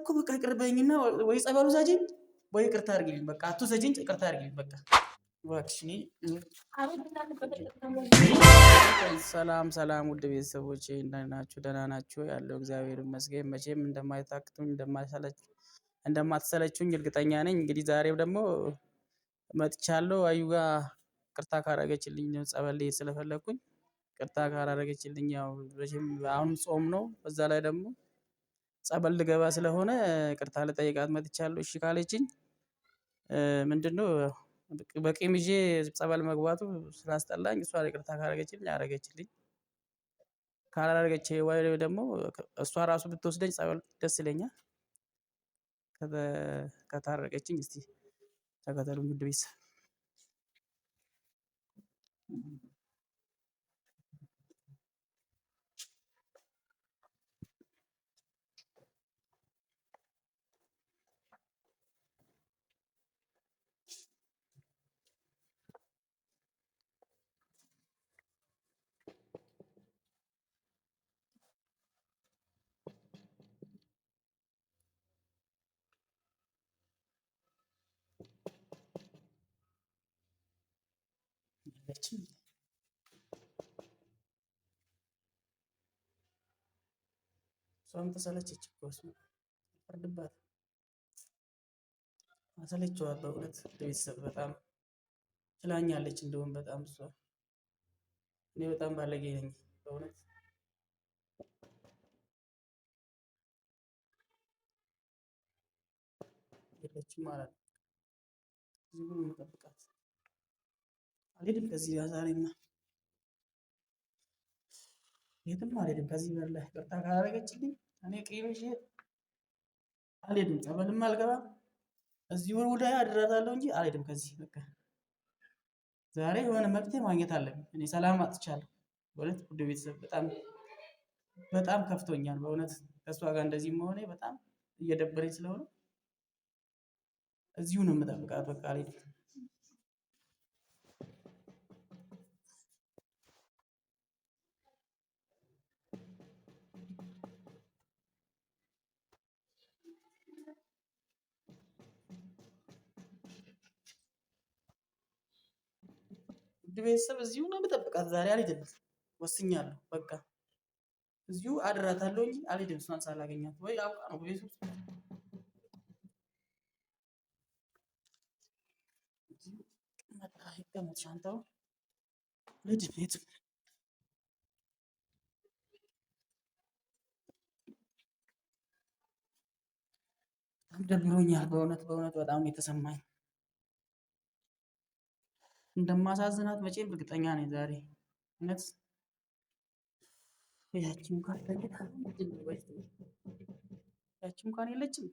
እኮ በቃ ቅርበኝና ወይ ጸበሉ ሰጂኝ ወይ ቅርታ አድርጊልኝ። በቃ አቱ ሰጂኝ ይቅርታ አድርጊልኝ። በቃ ሰላም ሰላም፣ ውድ ቤተሰቦቼ እንደምን ደህና ናችሁ? ያለው እግዚአብሔር ይመስገን። መቼም እንደማይታክቱኝ እንደማትሰለችኝ እርግጠኛ ነኝ። እንግዲህ ዛሬም ደግሞ መጥቻለሁ። አዩ ጋ ቅርታ ካረገችልኝ ጸበል ስለፈለግኩኝ ቅርታ ካላረገችልኝ ያው ጾም ነው። በዛ ላይ ደግሞ ጸበል ልገባ ስለሆነ ቅርታ ልጠይቃት መጥቻለሁ እሺ ካለችኝ ምንድነው በቂም ይዤ ጸበል መግባቱ ስላስጠላኝ እሷ ቅርታ ካረገችልኝ አረገችልኝ። ካላረገች ወይ ደግሞ እሷ ራሱ ብትወስደኝ ጸበል ደስ ይለኛል። ከታረገችኝ እስቲ ተከተሉኝ ውድ ቤተሰብ አደረገችም። እሷም ተሰለቸች እኮ ፈርድባት አሰለችዋ። በእውነት ቤተሰብ በጣም ችላኛለች። እንደውም በጣም እሷ እኔ በጣም ባለጌ ነኝ በእውነት የለችም ማለት ነው። እዚህ ሁሉ መጠብቃት አልሄድም ከዚህ ጋር ዛሬማ የትም አልሄድም። ከዚህ በር ላይ ቅርታ ካላደረገችልኝ እኔ ቀይበሽ አልሄድም፣ ጸበልም አልገባም። እዚህ ወር ወደ አድራታለሁ እንጂ አልሄድም ከዚህ በቃ ዛሬ የሆነ መፍትሄ ማግኘት አለብኝ። እኔ ሰላም አጥቻለሁ። በእውነት ውድ ቤተሰብ በጣም በጣም ከፍቶኛል። በእውነት ከእሷ ጋር እንደዚህ መሆኔ በጣም እየደበረኝ ስለሆነ እዚሁ ነው የምጠብቃት በቃ አልሄድም። ውድ ቤተሰብ እዚሁ ነው የምጠብቃት። ዛሬ አልሄድም፣ ወስኛለሁ። በቃ እዚሁ አድራታለሁ እንጂ አልሄድም። እሷን ሳላገኛት ወይ አውቃ ነው ቤቱ ይቀመጥ ሻንጣው ልድ ቤቱ ደብሮኛል። በእውነት በእውነት በጣም የተሰማኝ እንደማሳዝናት መቼም እርግጠኛ ነኝ ዛሬ እውነት ያቺም እንኳን የለችም።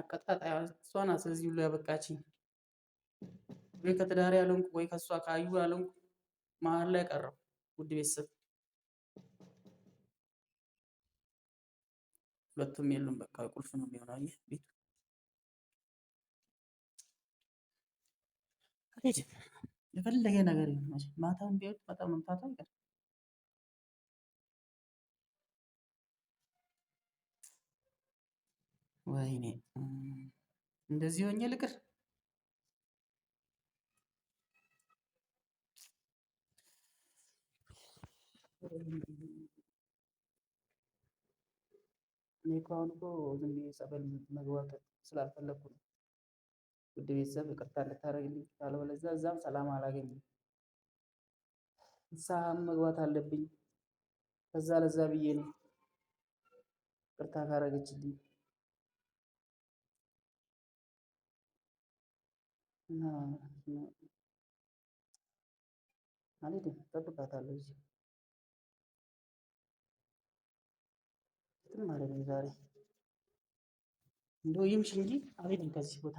አቀጣጣይ እሷ ናት እዚህ ሁሉ ያበቃችኝ። ወይ ከትዳር ያለንኩ ወይ ከእሷ ካዩ ያለንኩ መሀል ላይ ቀረው። ውድ ቤተሰብ ሁለቱም የሉም። በቃ ቁልፍ ነው የሚሆነው ቤቱ የፈለገ ነገር ማታውን ቢሆን በጣም መምታቱ አይቀርም። ወይኔ እንደዚህ ሆኜ ልቅር። እኔ እኮ አሁን እኮ ዝም ብዬ ጸበል መግባት ስላልፈለግኩ ነው። ውድ ቤተሰብ ይቅርታ እንድታደርግልኝ ካለበለዚያ እዛም ሰላም አላገኝም። ንስሐም መግባት አለብኝ። ከዛ ለዛ ብዬ ነው ይቅርታ ካረገችልኝ ማለት ነው። ጠብቃታለሁ እዚህ ዛሬ እንደው ይምሽ እንጂ አልሄድም ከዚህ ቦታ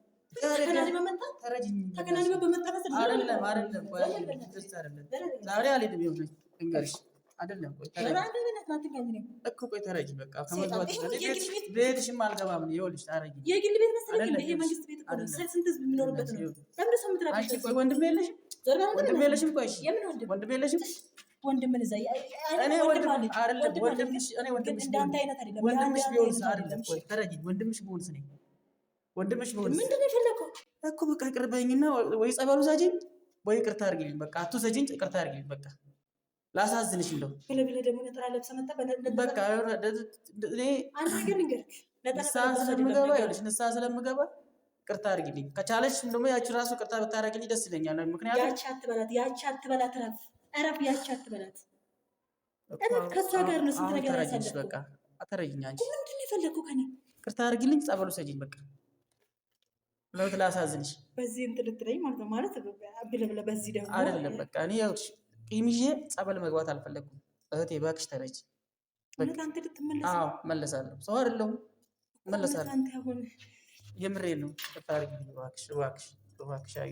ተከናንበ መጣ ተከናንበ በመጣ አይደለም አይደለም ዛሬ አልሄድም። ይኸውልሽ እንገርሽ አይደለም ቆይ ተረጅ በቃ ቤትሽም አልገባም። ይኸውልሽ ታረጊ የግል ቤት መሰለኝ እንደ የመንግስት ቤት እኮ ነው። ስንት ህዝብ የሚኖርበት ነው። ለምንድን ሰው የምትረዳ? ቆይ ወንድም የለሽም? ወንድም የለሽም? ቆይ ወንድም የለሽም? ወንድምን እዛ እኔ ወንድምሽ ወንድምሽ ቢሆንስ አይደለም። ቆይ ተረጅ ወንድምሽ ቢሆንስ ነኝ ወንድምሽ ሆን ምንድን ነው የፈለከው እኮ በቃ ይቅር በይኝና ወይ ጸበሉ ሳጅኝ ወይ ይቅርታ አድርጊልኝ በቃ አቶ ሰጅኝ ይቅርታ አድርጊልኝ በቃ ላሳዝንሽ እንደው ብለብለ ደግሞ ነጠላ ለብሰ መጣ በቃ አንድ ነገር ንገርክ ንስሓ ስለምገባ ይኸውልሽ ንስሓ ስለምገባ ቅርታ አድርጊልኝ ከቻለሽ እንደውም ያቺ ራሱ ቅርታ ብታደርግልኝ ደስ ይለኛል ምክንያቱም ያቺ አትበላት ያቺ አትበላት እረፍ እረፍ ያቺ አትበላት እረፍ ከእሷ ጋር ነው ስንት ነገር ያሳለፍኩ በቃ አታረጊኝ አንቺ ምንድን ነው የፈለግኩ ከኔ ቅርታ አድርጊልኝ ጸበሉ ሰጅኝ በቃ መብት ላሳዝንሽ በዚህ እንትን ልትለኝ ማለት ነው። ማለት ብለብለ በዚህ ደግሞ አይደለም። በቃ እኔ ያውሽ ቂም ይዤ ጸበል መግባት አልፈለግኩም። እህቴ እባክሽ ተረጅ። አዎ መለሳለሁ። ሰው አይደለሁም መለሳለሁ። የምሬ ነው። ፈጣሪ እባክሽ፣ እባክሽ፣ እባክሽ አዩ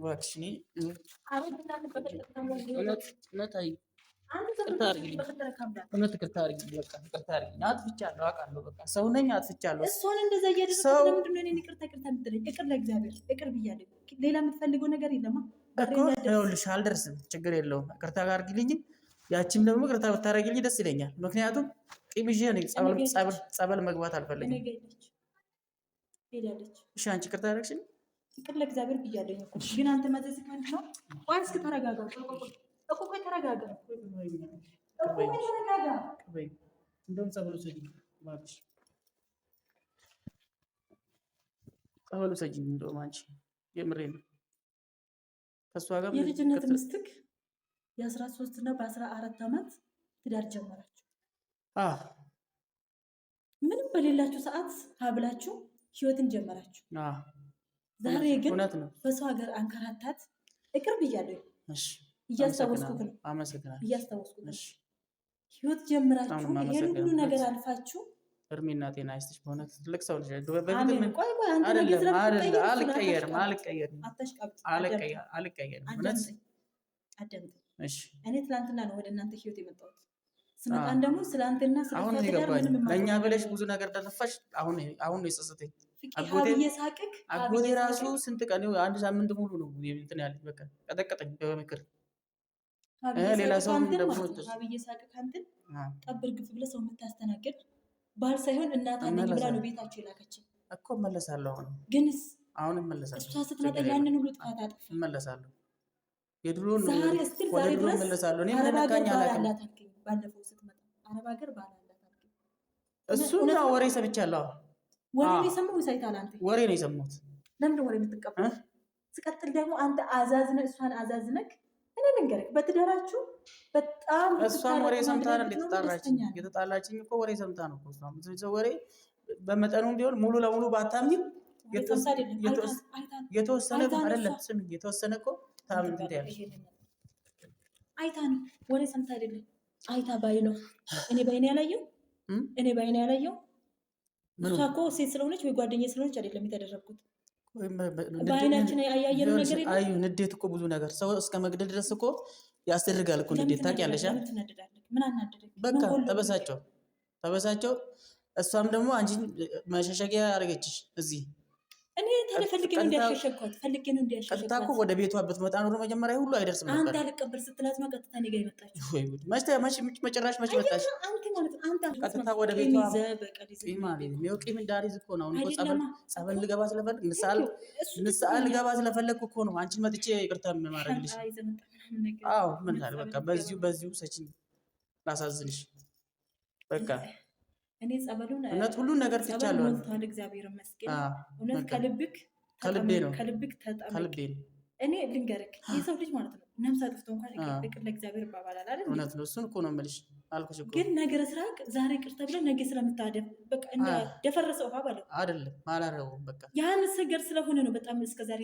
እባክሽ እኔ እውነት እውነት አዩ እውነት ይቅርታ አድርጊልኝ። በቃ ይቅርታ አድርጊልኝ። አጥፍቻለሁ፣ አውቃለሁ። በቃ ሰው ነኝ፣ አጥፍቻለሁ። እሷን እንደዛ እያደረግህ ለምንድን ነው እኔን ይቅርታ ይቅርታ የምትለኝ? ይቅር ለእግዚአብሔር ይቅር ብያለሁ። ሌላ የምትፈልገው ነገር የለማ እኮ ይኸውልሽ፣ አልደርስም። ችግር የለውም። ይቅርታ አድርጊልኝ። ያቺም ደግሞ ይቅርታ ብታደርጊልኝ ደስ ይለኛል። ምክንያቱም ቂም ይዤ ጸበል መግባት አልፈልግም። እሺ፣ አንቺ ይቅርታ አደረግሽልኝ። ይቅር ለእግዚአብሔር ብያለሁ። ግን አንተ መዘዝ ከሆንክ ነው። ቆይ እስኪ ተረጋጋ። እኮ ቆይ ተረጋጋ፣ እንደውም ጸበሉ ሰጂ ጸበሉ ሰጂ እንደውም አንቺ የምሬ ነው። ከእሷ ጋር የልጅነት ምስትክ የአስራ ሶስት እና በአስራ አራት ዓመት ትዳር ጀመራችሁ። ምንም በሌላችሁ ሰዓት ሀብላችሁ ህይወትን ጀመራችሁ። ዛሬ ግን በሰው ሀገር አንከራታት እቅርብ እያለሁ እያስታወስኩት ነው እያስታወስኩት ነው። ህይወት ጀምራችሁ ይሄን ሁሉ ነገር አልፋችሁ እድሜና ጤና ይስጥሽ። በእውነት ትልቅ ሰው ልጅ እኔ ትላንትና ነው ወደ እናንተ ህይወት የመጣሁት። ስመጣን ደግሞ ስለ አንተና ለእኛ ብለሽ ብዙ ነገር አሁን አሁን የጸጸተኝ። አጎቴ ራሱ ስንት ቀን አንድ ሳምንት ሙሉ ነው እንትን በቃ ቀጠቀጠኝ በምክር ሌላ ሰው ግፍ ሰው የምታስተናግድ ባል ሳይሆን እናት አለኝ ብላ ነው ቤታቸው የላከችኝ እኮ። እመለሳለሁ አሁን ግንስ አሁን እመለሳለሁ። እሷ ስትመጣ ያንን ሁሉ ጥፋት አጥፍ እመለሳለሁ። እመለሳለሁ። እኔ መለካኝ አላውቅም። ባለፈው ስትመጣ አረብ ሀገር ባል አላት ወሬ ሰምቻለሁ። ወሬ የሰማሁት። ሳይታል አንተ ወሬ ነው የሰማሁት። ለምንድን ወሬ የምትቀበል? ስቀጥል ደግሞ አንተ እሷን ልንገርህ፣ በትዳራችሁ በጣም እሷም ወሬ ሰምታ ነው የተጣላችኝ እኮ ወሬ ሰምታ ነው። እሷም ወሬ በመጠኑም ቢሆን ሙሉ ለሙሉ ባታምኝም የተወሰነ አይደለም። ስሚ የተወሰነ እኮ ታምንት ያለ አይታ ነው፣ ወሬ ሰምታ አይደለም። አይታ ባይ ነው። እኔ ባይኔ ያላየው እኔ ባይኔ ያላየው እሷ እኮ ሴት ስለሆነች ወይ ጓደኛ ስለሆነች አይደለም የተደረግኩት በአይናችን ያየነው ነገር አዩ። ንዴት እኮ ብዙ ነገር ሰው እስከ መግደል ድረስ እኮ ያስደርጋል እኮ ንዴት። ታውቂያለሽ። በቃ ተበሳቸው ተበሳቸው። እሷም ደግሞ አንቺ መሸሸጊያ አደረገችሽ እዚህ እኔ ፈልጌ ነው እንዲያሸሸኳት ፈልጌ ነው እንዲያሸሸኳት። ቀጥታ እኮ ወደ ቤቷ ብትመጣ መጀመሪያ ሁሉ አይደርስም ነበር። አንተ አልቀበል ስትላት ነው ቀጥታ እኔ ጋር የመጣችው። መች መጣች? ቀጥታ ወደ ቤቷ እኮ ነው። ጸበል ልገባ ስለፈለግ ንስሓ ልገባ ስለፈለግ እኮ ነው አንቺን መጥቼ ይቅርታ የማደርግልሽ። አዎ ምን በቃ በዚሁ በዚሁ ላሳዝንሽ በቃ እኔ ጸበሉን እውነት ሁሉን ነገር ትቻለሁ። እግዚአብሔር ይመስገን። እውነት ከልብክ ከልቤ ነው ከልብክ ተጠመቅ። እኔ ልንገርክ የሰው ልጅ ማለት ነው ነፍሰ ጥፍቶ እንኳን ይቅር ለእግዚአብሔር ይባባላል አይደል? እውነት ነው። እሱን እኮ ነው የምልሽ አልኩሽ እኮ። ግን ነገረ ስራቅ ዛሬ ቅርታ ብለ ነገ ስለምታደፍ በቃ እንደ ደፈረሰ ውሃ ባለው አይደለም በቃ ያን ነገር ስለሆነ ነው በጣም እስከ ዛሬ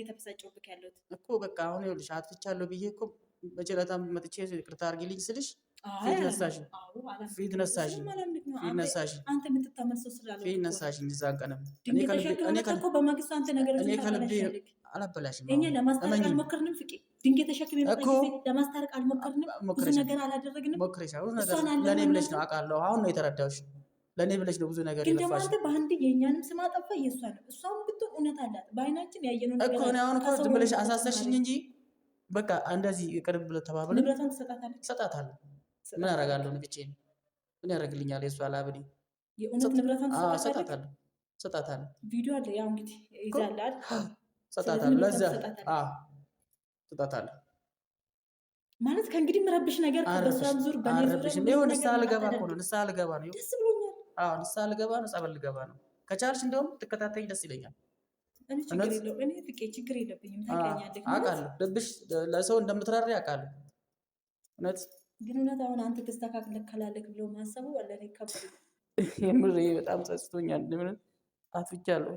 ያለሁት እኮ በቃ። አሁን ይኸውልሽ አጥፍቻለሁ ብዬ እኮ በጭረታ መጥቼ ቅርታ አድርጊልኝ ስልሽ ፊት ነሳሽን ድንጋይ ነው አውቃለሁ። አሁን ነው የተረዳሁሽ። ለእኔ ብለሽ ነው ብዙ ነገር ግን ደግሞ አንተ በአንድ የእኛንም ስም አጠፋ እየሷ ነው። እሷም ብትሆን እውነት አላት። በአይናችን ያየነው ነገር እኮ አሁን እኮ ዝም ብለሽ አሳሰሽኝ እንጂ በቃ እንደዚህ ቅርብ ብለ ተባብለ ምን አደርጋለሁ? ብቻዬን ምን ያደርግልኛል? የእሱ አላብኔ የእውነት ንብረቷን ሰጣታለሁ ሰጣታለሁ። ቪዲዮ አለ ያው እንግዲህ ይዛላል። ሰጣታለሁ ለዛ ሰጣታለሁ ማለት ከእንግዲህ ምረብሽ ነገር በሷም ዙር ንስሓ ልገባ እኮ ነው። ንስሓ ልገባ ነው። ደስ ብሎኛል። ንስሓ ልገባ ነው። ጸበል ልገባ ነው። ከቻልሽ እንደውም ትከታተኝ ደስ ይለኛል። ችግር የለብኝም። ታውቂያለሽ፣ ልብሽ ለሰው እንደምትራሪ አውቃለሁ እውነት ግንነት አሁን አንተ ተስተካክለህ ካላለህ ብሎ ማሰቡ ለእኔ ከብዶ በጣም ጸጽቶኛል። ምንም አፍጃለሁ።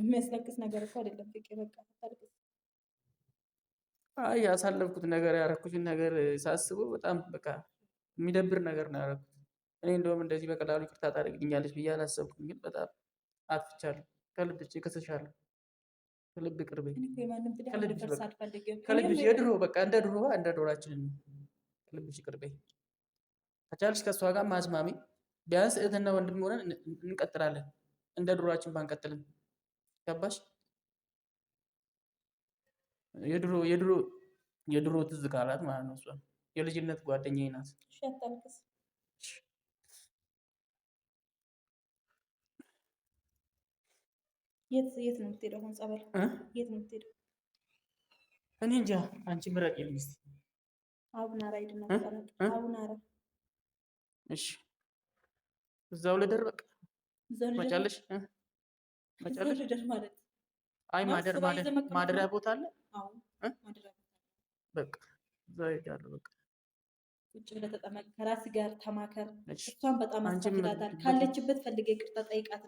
የሚያስለቅስ ነገር እኮ አይደለም ፍቄ። በቃ አይ ያሳለፍኩት ነገር ያረኩትን ነገር ሳስበው በጣም በቃ የሚደብር ነገር ነው ያረኩት። እኔ እንደውም እንደዚህ በቀላሉ ይቅርታ ታደርግልኛለች ብዬ አላሰብኩም፣ ግን በጣም አፍቻለሁ። ከልብ ከስሻለሁ። ከልብ ቅርበኝ ከልብሽ የድሮ በቃ እንደ ድሮ እንደ ዶራችን ከልብሽ ቅርበኝ። ከቻልሽ ከእሷ ጋር ማስማሚ ቢያንስ እህትና ወንድም ሆነን እንቀጥላለን፣ እንደ ዶራችን ባንቀጥልም። ገባሽ? የድሮ የድሮ የድሮ ትዝ ካላት ማለት ነው። እሷ የልጅነት ጓደኛዬ ናት። የት ነው የምትሄደው? አሁን ጸበል የት ነው የምትሄደው? እኔ እንጃ። አንቺ አቡናራ ሂድና አቡናራ እሺ፣ እዛው ልደር በቃ። መጫለሽ መጫለሽ ልደር ማለት አይ፣ ማደር ማደር ማደሪያ ቦታ አለ። አዎ፣ ማደሪያ ቦታ በቃ እዛው ሄዳለሁ በቃ ቁጭ ብለህ ተጠመቅ፣ ከራስ ጋር ተማከር። እሷን በጣም አስፈልጋታል። ካለችበት ፈልገ ይቅርታ ጠይቃት።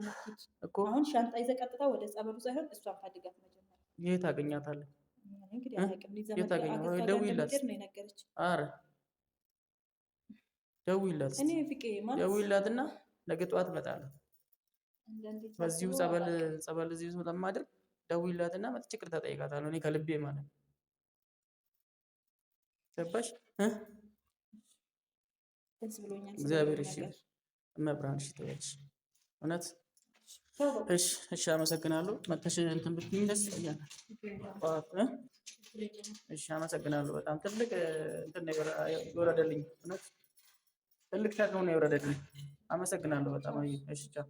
አሁን ሻንጣ ይዘህ ቀጥታ ወደ ጸበሉ ሳይሆን እሷን ፈልጋት። መጀመሪያ ይህ ታገኛታለህ። ደውይላት እና ነገ ጠዋት እመጣለሁ። በዚሁ ጸበል እዚሁ ስለማድር ደውይላት እና መጥቼ ይቅርታ ጠይቃታለሁ። እኔ ከልቤ ማለት ገባሽ? ደስ ብሎኛል። እግዚአብሔር እሺ መብራን እሺ ትበልሽ እውነት እሺ እሺ፣ አመሰግናለሁ። መተሽ እንትን ብትይኝ ደስ ይለኛል። እሺ አመሰግናለሁ። በጣም ትልቅ እንትን ነው የወረደልኝ፣ እውነት ትልቅ ሸክም ነው የወረደልኝ። አመሰግናለሁ በጣም። እሺ ቻው።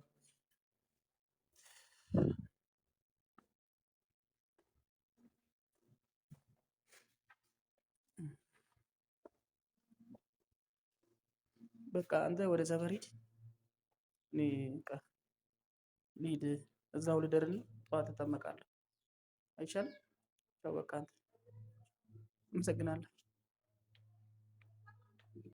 በቃ አንተ ወደ በሬድ እኔ በቃ ልሂድ፣ እዛው ልደርና ጠዋት እጠመቃለሁ። አይሻልም ያው በቃ አንተ አመሰግናለሁ።